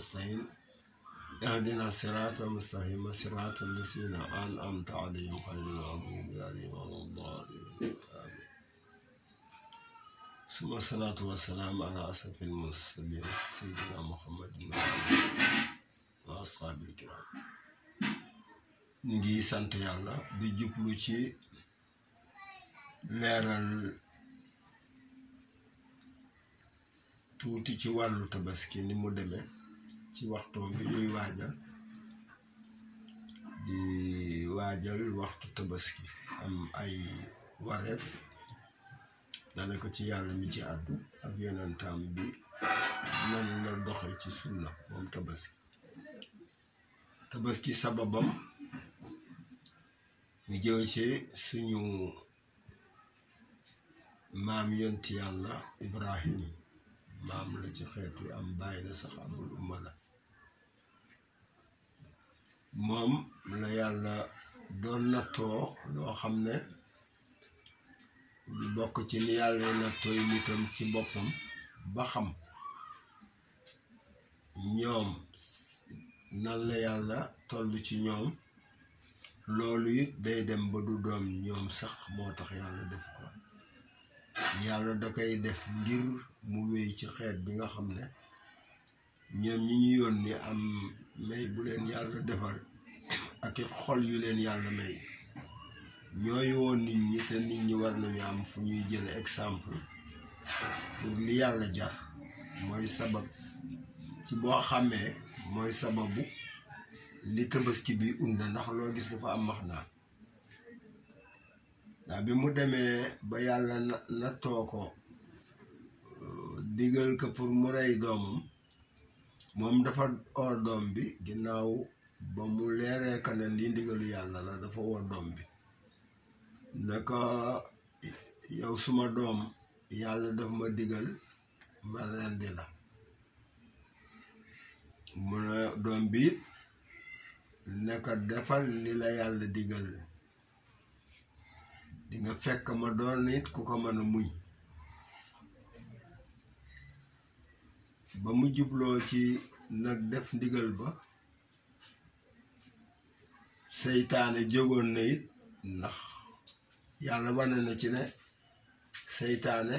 نستعين اهدنا الصراط المستقيم صراط الذين أنعمت عليهم غير المغضوب عليهم ولا الضالين آمين ثم الصلاة والسلام على أسف المرسلين سيدنا محمد وأصحاب الكرام نجي سانت يالا دي جوبلو سي leeral tuuti ci wàllu tabaski ni mu demee ci waxtu bi ñuy waajal di waajal waxtu tabaski am ay wareef dale ko ci yàlla mi ci àddu ak yonentam bi nan la doxe ci sunna moom tabaski tabaski sababam mu jëw ci suñu maam yonti yàlla ibrahim maam la ci xeet wi am bàyyi la sax amul umma la moom la yàlla doon nattoo loo xam ne lu bokk ci ni yàlla nattoo yi nitam ci boppam ba xam ñoom nan la yàlla toll ci ñoom loolu it day dem ba du doom ñoom sax moo tax yàlla def ko yàlla da koy def ngir mu wéy ci xeet bi nga xam ne ñoom ñi ñu ni am may bu leen yàlla defal ak xol yu leen yàlla may ñooy woon nit ñi te nit ñi war nañu am fu ñuy jël exemple pour li yàlla jar mooy sabab ci boo xamee mooy sababu li tabaski bi und ndax loo gis dafa am max naa ndax bi mu demee ba yàlla la nattoo ko euh, digal ko pour mu rey doomam moom dafa oor doom bi ginnaaw ba mu leeree ko ne lii yàlla la dafa oor doom bi naka yow suma doom yàlla daf ma digal ma rendi la mu ne doom bi it naka defal li la yàlla digal dinga fekk ma doon it ku ko mën a muñ ba mu jubloo ci nag def ndigal ba seytaane jógoon na it ndax yàlla wane na ci ne seytaane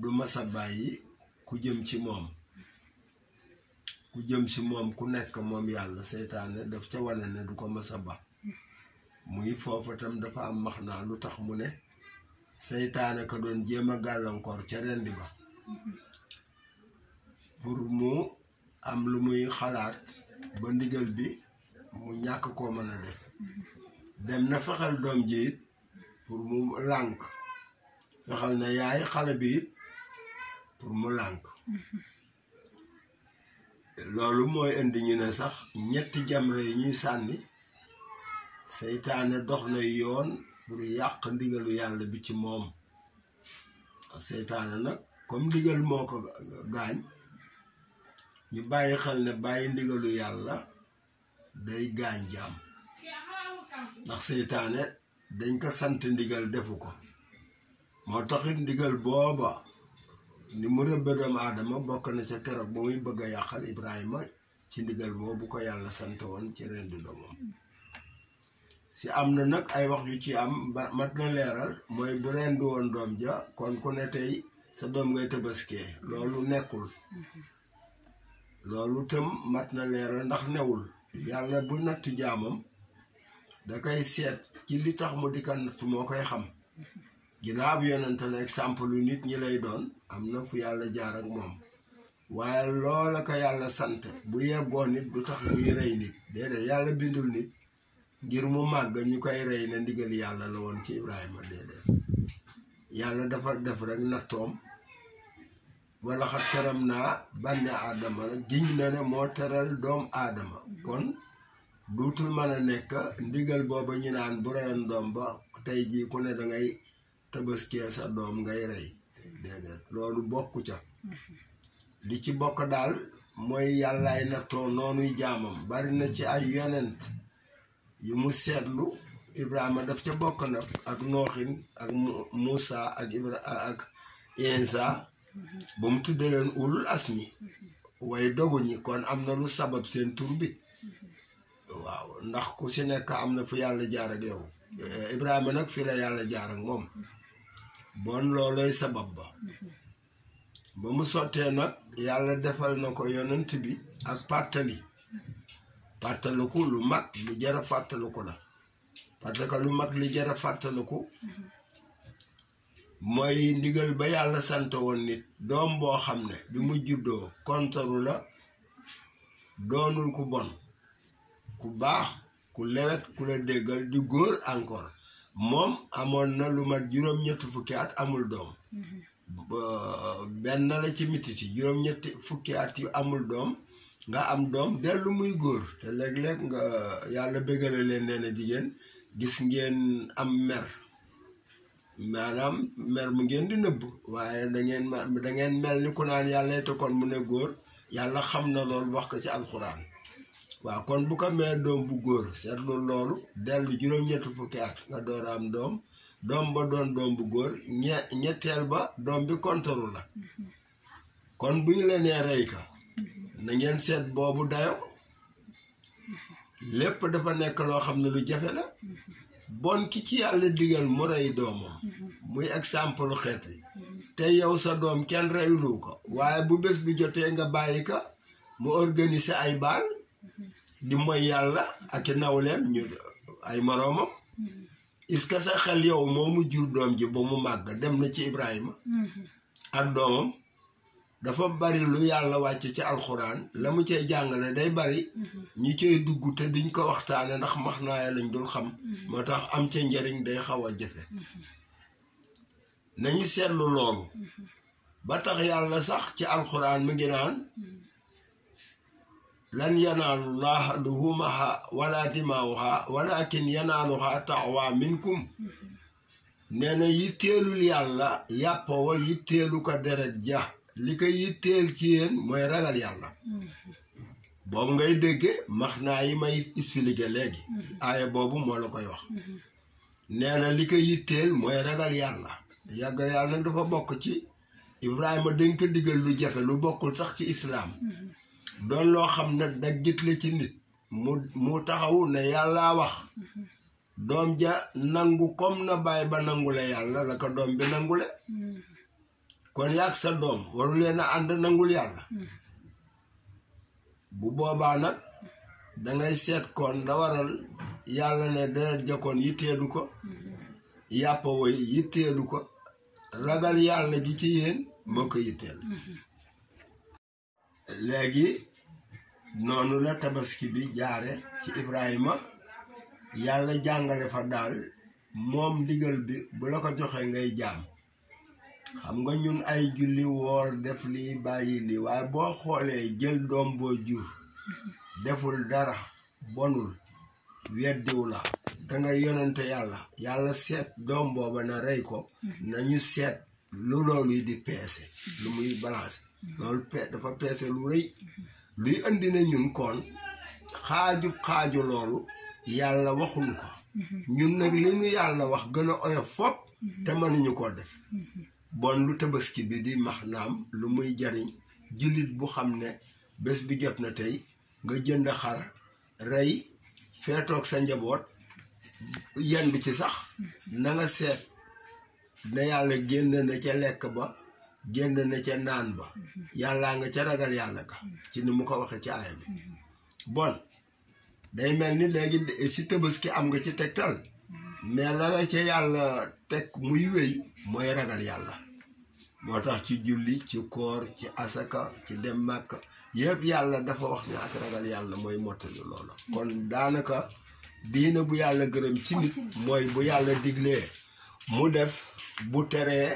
du masa bàyyi ku jëm ci moom ku jëm ci moom ku nekk moom yàlla seytaane daf ca wane ne du ko masa ba muy foofu tam dafa am max naa lu tax mu ne seytaane ko doon jéem a gàllankoor ca rendi ba pour mu am lu muy xalaat ba ndigal bi mu ñàkk koo mën a def dem na fexel doom ji pour mu lànk fexel na yaay xale bi pour mu lànk loolu mooy indi ñu ne sax ñetti jamre yi ñuy sànni seytaane dox na yoon pour yàq ndigalu yàlla bi ci moom seytaane nag comme ndigal moo ko gaañ ñu bàyyi xel ne bàyyi ndigalu yàlla day gaañ jaam ndax seytaane dañ ko sant ndigal defu ko moo taxit ndigal booba ni mu rëbbe doomu aadama bokk na ca keroog ba muy bëgg a yàqal Ibrahima ci ndigal boobu ko yàlla sant woon ci rendi doomam si am na nag ay wax yu ci am ba mat na leeral mooy bu rendi woon doom ja kon ku ne tey sa doom ngay tëbaskee loolu nekkul loolu tam mat na leeral ndax newul yàlla bu natt jaamam da koy seet ci li tax mu dikka natt moo koy xam ginnaaw ab yonente exemple yu nit ñi lay doon am na fu yàlla jaar ak moom waaye loola ko yàlla sant bu yeggoon nit du tax ñuy rey nit déedéet yàlla bindul nit ngir mu màgg ñu koy rey na ndigal yàlla la woon ci Ibrahima déedéet yàlla dafa def rekk nattoom wala xat karam naa bànne aadama la giñ na ne moo tëral doom aadama kon duutul mën a nekk ndigal booba ñu naan bu reyoon doom ba tey jii ku ne dangay tabaskee sa doom ngay rey déedéet loolu bokku ca li ci bokk daal mooy yàllaay nattoo noonuy jaamam bari na ci ay yonent yi mu seetlu Ibrahima daf ca bokk nag ak nooxin ak Moussa ak Ibra ak Insa ba mu tudde leen ulul asmi way dogu ñi kon am na lu sabab seen tur bi waaw ndax ku si nekk am na fu yàlla jaar ak yow Ibrahima nag fii la yàlla jaar ak moom bon loolooy sabab ba ba mu sottee nag yàlla defal na ko yonent bi ak pàttali fàttaliku lu mag lu jar a fàttaliku la parce que lu mag lu jar a fàttaliku mooy ndigal ba yàlla sant woon nit doom boo xam ne bi mu juddoo kontaru la doonul ku bon ku baax ku lewet ku la déggal di góor encore moom amoon na lu mat juróom-ñetti fukki at amul doom mm-hmm. nga am doom dellu muy góor te léeg-léeg nga yàlla bëggale leen nee na jigéen gis ngeen am mer maanaam mer mu ngeen di nëbb waaye da ngeen da mel ni ku naan yàlla te kon mu ne góor yàlla xam na loolu wax ko ci alxuraan waaw kon bu ko mee doom bu góor seetlu loolu dellu juróom-ñetti fukki at nga door am doom doom ba doon doom bu góor ñe ñetteel ba doom bi kontoru la mm-hmm. kon bu ñu la nee na ngeen set bobu dayo lepp dafa nek lo xamne lu jafé la bon ki ci yalla digal mu ray domo muy exemple xet bi te yow sa dom kenn reyulu ko waye bu bes bi jotté nga bayika ka mu organiser ay bal di moy yalla ak nawlem ñu ay moroomam est-ce que sa xel yow momu jur dom ji bo mu mag dem na ci Ibrahima ak dafa bari lu yàlla wàcc ci alxuraan la mu cay jàngale day bari mhm. ñi cay dugg te duñ ko waxtaane ndax max naaya lañ dul xam mhm. moo tax am ca njariñ day xaw a jafe mhm. nañu seetlu loolu ba tax yàlla sax ci alxuraan mu ngi naan lan yanaalu laaha luhumaha wala dimaawuha walakin yanaaluha taqwa minkum nee na yitteelul yàlla yàppa wa yitteelu ko deret ja li ko yitteel ci yéen mooy ragal yàlla boobu ngay dégge max naa yi may expliqué léegi aaya boobu moo la koy wax nee na li ko yitteel mooy ragal yàlla yàggal yàlla nag dafa bokk ci Ibrahima dañ ko digal lu jafe lu bokkul sax ci islaam doon loo xam ne daggit la ci nit mu mu taxaw ne yàllaa wax doom ja nangu comme na baay ba nangule yàlla la ko doom bi nangule kon yàgg sa doom waru leen a ànd nangul yàlla bu boobaa nag dangay seet koon la waral yàlla ne deret jakoon yitteelu ko yàppa woy yitteelu ko ragal yàlla gi ci yéen moo yitteel léegi noonu la tabaski bi jaare ci Ibrahima yàlla jàngale fa daal moom digal bi bu la ko joxee ngay jaam xam nga ñun ay julli woor def lii bàyyi li waaye boo xoolee jël doom boo jur deful dara bonul weddiw la da nga yonente yàlla yàlla seet doom booba na rey ko nañu seet lu loolu di peese lu muy balaase loolu dafa peese lu rëy luy indi na ñun xaajub xaaju loolu yàlla waxuñu ko mm-hmm. ñun nag li ñu yàlla wax gën a oyof fopp te mënuñu ko def bon lu tabaski bi di max naam lu muy jariñ jullit bu xam ne bés bi jot na tey nga jënd xar rey feetoog sa njaboot yendu ci sax na nga seet na yàlla génn na ca lekk ba génn na ca naan ba yàlla nga ca ragal yàlla ka ci ni mu ko waxee ci aaya bi bon day mel ni léegi si tabaski am nga ci tegtal mais la la ca yàlla teg muy wéy mooy ragal yàlla moo tax ci julli ci koor ci asaka ci dem màkk yëpp yàlla dafa wax ne ak ragal yàlla mooy mottali loolu kon daanaka diina bu yàlla gërëm ci nit mooy bu yàlla diglee mu def bu teree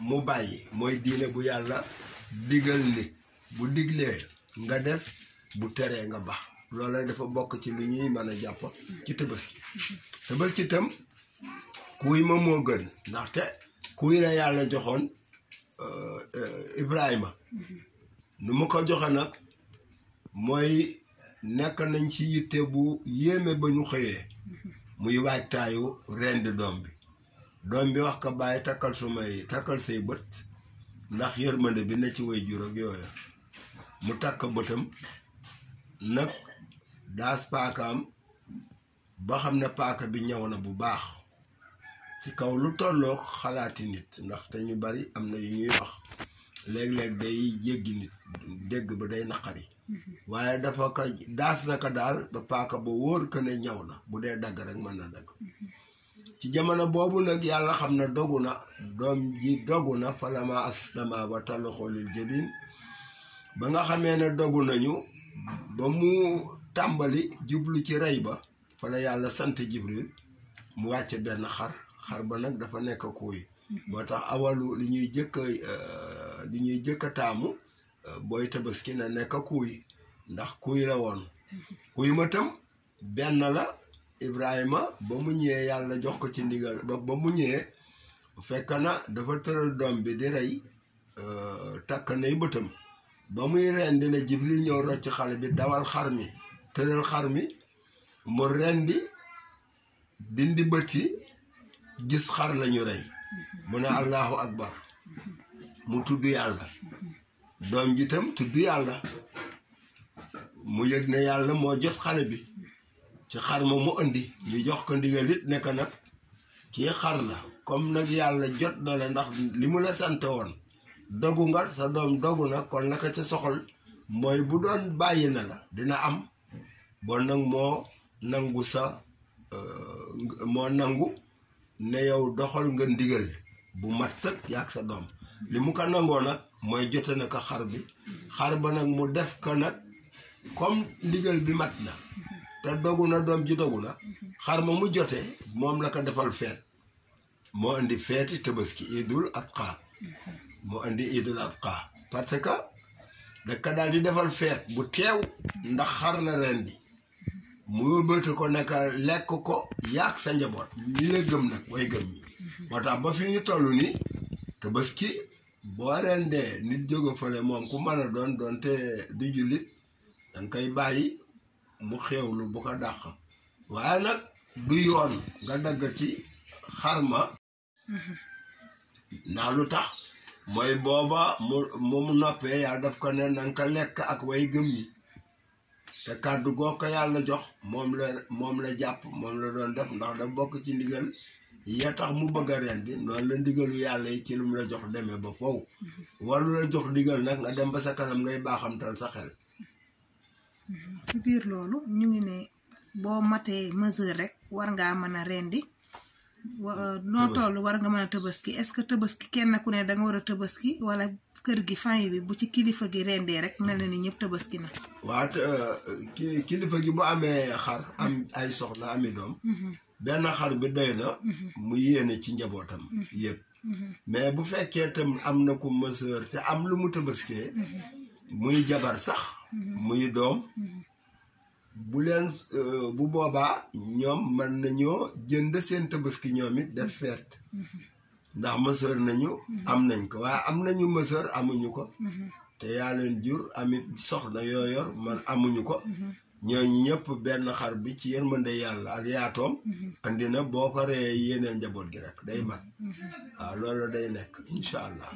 mu bàyyi mooy diina bu yàlla digal nit bu diglee nga def bu teree nga bax loola dafa bokk ci lu ñuy mën a jàpp ci tabaski ci itam kuy ma moo gën ndaxte kuy la yàlla joxoon euh, euh, ibraay ma mm-hmm. nu mu ko joxe nag mooy nekk nañ ci yitte bu yéeme ba ñu xëyee mm-hmm. muy waajtaayu rend doom bi doom bi wax ko bàyyi takkal sumay takkal say bët ndax yërmande bi na ci way juróom yooyu mu takk bëtam nag daas paakaam ba xam ne paaka bi ñëw na bu baax ci kaw lu tollook xalaati nit te ñu bari am na yu ñuy wax léeg-léeg day jéggi nit dégg ba day naqari mm-hmm. waaye dafa ko daas na ko daal ba paaka ba wóor ko ne ñëw na bu dee dagg rek mën na dagg mm-hmm. ci jamono boobu nag yàlla xam ne dogu na doom ji dogu na falama aslama wa tallahu lil jabin ba nga xamee ne dogu nañu ba mu tàmbali jublu ci rey ba wala yàlla sant jibril mu wàcce benn xar xar ba nag dafa nekk kuuy moo tax awalu li ñuy jëkk euh, li ñuy jëkk a taamu euh, booy tabaski na nekk kuuy ndax kuuy la woon kuuy ma benn la Ibrahima ba mu ñëwee yàlla jox ko ci ndigal ba ba mu ñëwee fekk na dafa tëral doom bi di rey euh, takk nay bëtam ba muy rendi la jibril ñëw rocc xale bi dawal xar mi tëral xar mi mu rendi dindi bët gis xar lañu rey mu ne allahu akbar mu tudd yàlla doom jitam tam tudd yàlla mu yëg ne yàlla moo jot xale bi ci xar ma mu indi ñu jox ko ndigal it nekk nag kii xar la comme nag yàlla jot na la ndax li mu la sante woon dogu nga sa doom dogu na kon naka ca soxol mooy bu doon bàyyi na la dina am bon nag moo nangu sa euh, moo nangu ne yow doxal nga ndigal bu mat sëkk yaag sa doom li mu ko nangoo nag mooy jote na ko xar bi xar ba nag mu def ko nag comme ndigal bi mat na te dogu na doom ji dogu na xar ma mu jote moom la ko defal feet moo indi feeti tabaski idul adqa moo indi idul adqa parce que da ka di defal feet bu teew ndax xar la ren bi mu wëlbati ko naka lekk ko yàq sa njaboot lii la gëm nag way gëm ñi moo tax ba fi ñu toll nii te bés ki boo rendee nit jóge fële moom ku mën a doon doonte du jullit danga koy bàyyi mu xewlu bu ko dàq waaye nag du yoon nga dagg ci xarma naa lu tax mooy booba mu mu noppee yaa daf ko ne nanga ka lekk ak way gëm ñi te kàddu goo ko yàlla jox moom la moom la jàpp moom la doon def ndax da bokk ci ndigal ya tax mu bëgg a rendi noonu la ndigalu yàlla yi ci lu la jox demee ba foofu walu la jox ndigal nag nga dem ba sa kanam ngay baaxamtal sa xel ci biir loolu ñu ngi ne boo matee mesure rek war ngaa mën a rendi noo toll war nga mën a tëbaski est-ce que tëbaski kenn ku ne danga nga war a tëbaski wala kër gi famille bi bu ci kilifa gi rendee rek mel na ni ñëpp tabaski na. waat euh, ki kilifa gi bu amee xar am ay soxna ami doom. Mhm. benn xar bi doy na. Mhm. mu yéene ci njabootam. Mhm. yëpp mais bu fekkee tam am na ko mëseur te am lu mu tabaskee. muy jabar sax. muy doom. bu leen euh, bu boobaa ñoom mën nañoo jënd seen tabaski ñoom it def feet ndax mësoor nañu mhm. am nañ ko waaye am nañu mësoor amuñu ko mhm. te yaa leen jur amit soxna yoo man amuñu ko mhm. ñooñu ñëpp benn xar bi ci yërmande yàlla ak yaatoom andi na boo ko reyee njaboot gi rekk day mat waaw loolu day nekk incha allah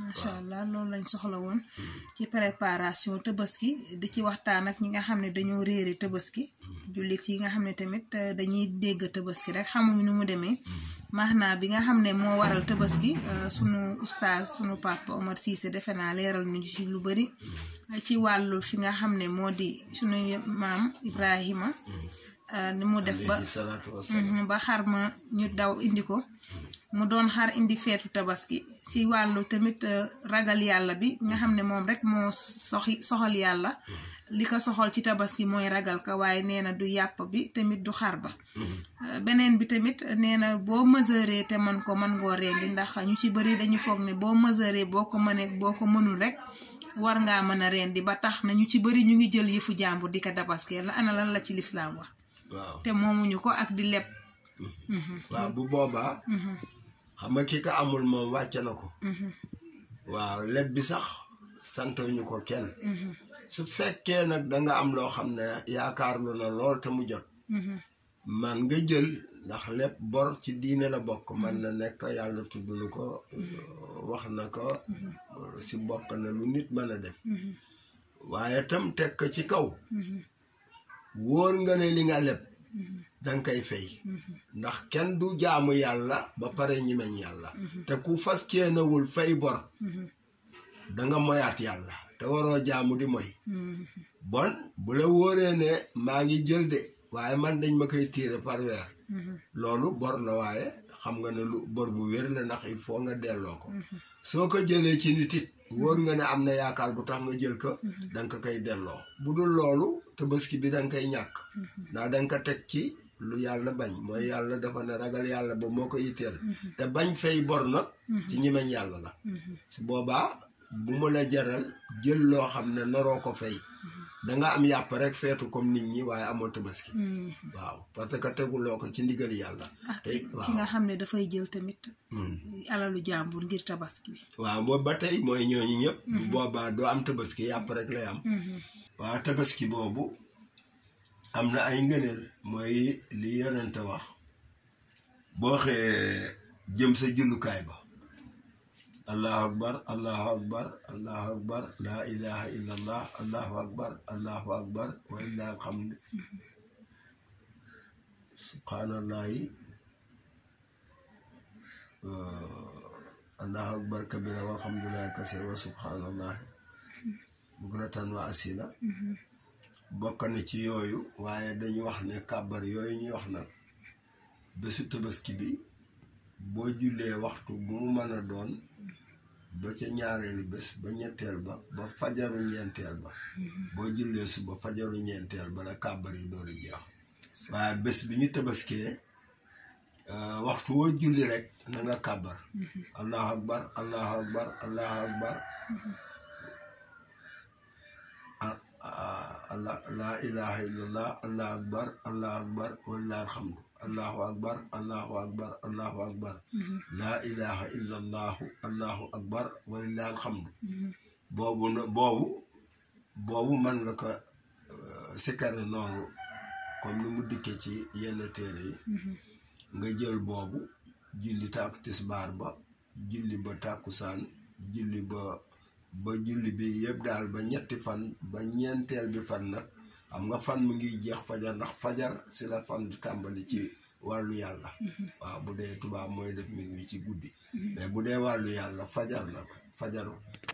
macha allah loolu lañ soxla woon mm. ci préparation tabaski di ci waxtaan ak ñi nga xam ne dañoo réeri tabaski jullit yi nga xam ne tamit euh, dañuy dégg tabaski rek xamuñu nu mu demee mm-hmm. maanaam bi nga xam ne moo waral tabaski euh, suñu ustaas sunu papa Omar Cissé defe naa leeral ñu ci lu bari mm-hmm. ci wàllu fi nga xam ne moo di sunu maam Ibrahima mm-hmm. euh, ni mu def ba ba xar ma ñu daw indi ko mu doon xar indi feetu tabaski ci wàllu tamit euh, ragal yàlla bi nga xam ne moom rek moo soxi soxal yàlla mm-hmm. li ko soxal ci tabaski mooy ragal ka waaye nee na du yàpp bi tamit du xar ba mm-hmm. euh, beneen bi tamit nee na boo mesuré te man ko man ngoo rendi ndax ñu ci bëri dañu foog ne boo mesuré boo ko mënee boo ko mënul rek war ngaa mën a rendi ba tax na ñu ci bëri ñu ngi jël yëfu jàmbur di ko tabaskee la ana lan la ci lislaam wax te moomuñu ko ak di leb mm-hmm. xam nga ki ko amul moom wàcc na ko mhm. waaw let bi sax santuñu ko kenn mhm. su fekkee nag danga am loo xam ne yaakaar yaakaarlu na lool te mu jot mhm. man nga jël ndax lépp bor ci diine la bokk man na nekk yàlla tudd na ko wax na ko si bokk na lu nit mën a def waaye tam teg ko ci kaw wóor nga ne li nga lépp danga koy fay mhm. ndax kenn du jaamu yàlla ba pare ñimeñ yàlla mhm. te ku fas kéenawul fay bor mhm. danga moyaat yàlla te waroo jaamu di moy bon bu la wóoree ne maa ngi jël de waaye man dañ ma koy tiire par loolu bor la waaye xam nga ne lu bor bu wér la ndax il faut nga delloo ko soo ko jëlee ci nit it wóor nga ne am na yaakaar bu tax nga jël ko danga ko koy delloo bu dul loolu tabaski bi danga koy ñàkk ndax danga ko teg ci lu yàlla bañ mooy mm-hmm. yàlla dafa ne ragal yàlla ba moo ko yitteel mm-hmm. te bañ fay bor nag mm-hmm. ci ñimeñ yàlla la su boobaa bu mu la jaral jël loo xam ne naroo ko fay da nga am yàpp rek feetu comme nit ñi waaye amoo tabaski waaw parce que teguloo ko ci ndigal yàlla ah, te ki nga xam ne dafay jël tamit mm. alalu jàmbur ngir tabaski waaw boobu ba tey mooy ñooñu ñëpp boobaa doo am tabaski yàpp rek lay am waaw tabaski boobu am na ay ngëneel mooy li yonente wax boo xee jëm sa jullukaay ba allahu akbar allahu akbar allahu akbar laa ilaha illa allah allahu akbar allahu akbar wa illaa alhamdu subhaanallahi allahu akbar kabira walhamdulillahi kasira wa subhaanallahi bukratan wa asila bokk na ci yooyu waaye dañu wax ne kàbbar yooyu ñuy wax nag bésu tabaski bi boo jullee waxtu bu mu mën a doon ba ca ñaareelu bés ba ñetteel ba ba fajaru ñeenteel ba boo jullee suba fajaru ñeenteel ba la kàbbar yi dooru jeex waaye bés bi ñu tabaskee euh, waxtu woo julli rek na kàbbar allahu akbar allahu akbar allahu Ah, allah laa ilaha illallah allah akbar allah akbar walilahi alhamdu allahu akbar akbar allahu akbar mm-hmm. laa ilaha illallahu allahu akbar walilahi alhamdu mm-hmm. boobu boobu boobu mën nga ko eh, sikkare noonu comme ni mu dikkee ci yenn téere yi mm-hmm. nga jël boobu julli tàkk tisbaar ba julli ba tàkkusaan julli ba ba julli bi yëpp daal ba ñetti fan ba ñeenteel bi fan nag xam nga fan mu ngi jeex fajar ndax fajar si la fan tàmbali ci wàllu yàlla waaw bu dee tubaab mooy def min wi ci guddi mais bu dee wàllu yàlla fajar la fajar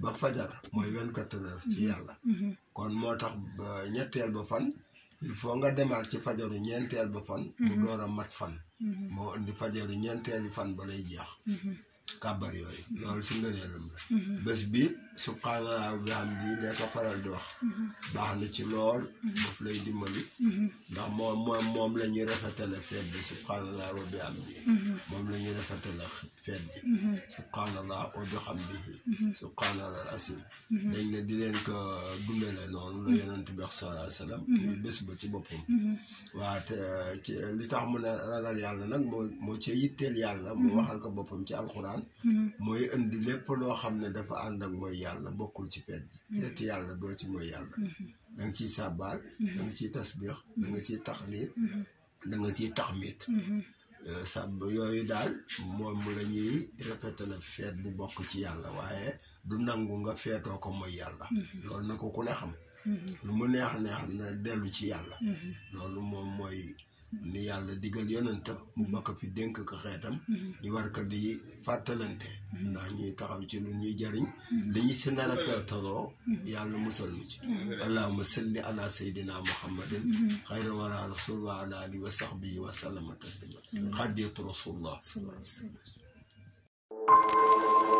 ba fajar mooy vingt-quatre heures ci mm-hmm. yàlla mm-hmm. kon moo tax ba ñetteel ba fan il faut nga demaat ci fajaru ñeenteel ba fan mu mm-hmm. door a mat fan moo indi fajaru ñeenteeli fan ba lay jeex kàbbar yooyu loolu si ngëneelam la bés bi subhanallah bi am lii nee ko di wax baax na ci lool daf lay dimbali ndax moom moom moom la ñuy rafetale feet bi subhanallah bi am moom la ñuy rafetale feet bi subhanallah bi xam bi subhanallah asim dañ ne di leen ko dundale noonu la yonent bi sallallahu alayhi wasallam muy bés ba ci boppam waaw te ci li tax mu ne ragal yàlla nag moo moo ci yitteel yàlla mu waxal ko boppam ci alxuraan mooy indi lépp loo xam ne dafa ànd ak mooy yàlla bokkul ci feet ji feet yàlla doo ci mooy yàlla mm-hmm. da nga ciy sàbbaal mm-hmm. da nga ciy tasbix da nga ciy taxliit mm-hmm. da nga ciy taxmiit euh, sàbb yooyu daal moom la ñuy répété la feet bu bokk ci yàlla waaye du nangu nga feetoo ko mooy yàlla loolu na ko ku ne xam lu mu neex neex na dellu ci yàlla loolu moom mooy li yàlla digal yonanta mu bakk fi dénk ko xeetam mm-hmm. ñu war ko di fàttalante mm-hmm. ndax ñuy taxaw ci lu ñuy jariñ li ñu si nar mm-hmm. pertaloo yàlla musal mu ci allahuma salli ala sayyidina muhammadin xayra wala rasul wa ala alihi wa sahbihi wa sallama taslima xadditu rasulullah sallallahu alayhi wa sallam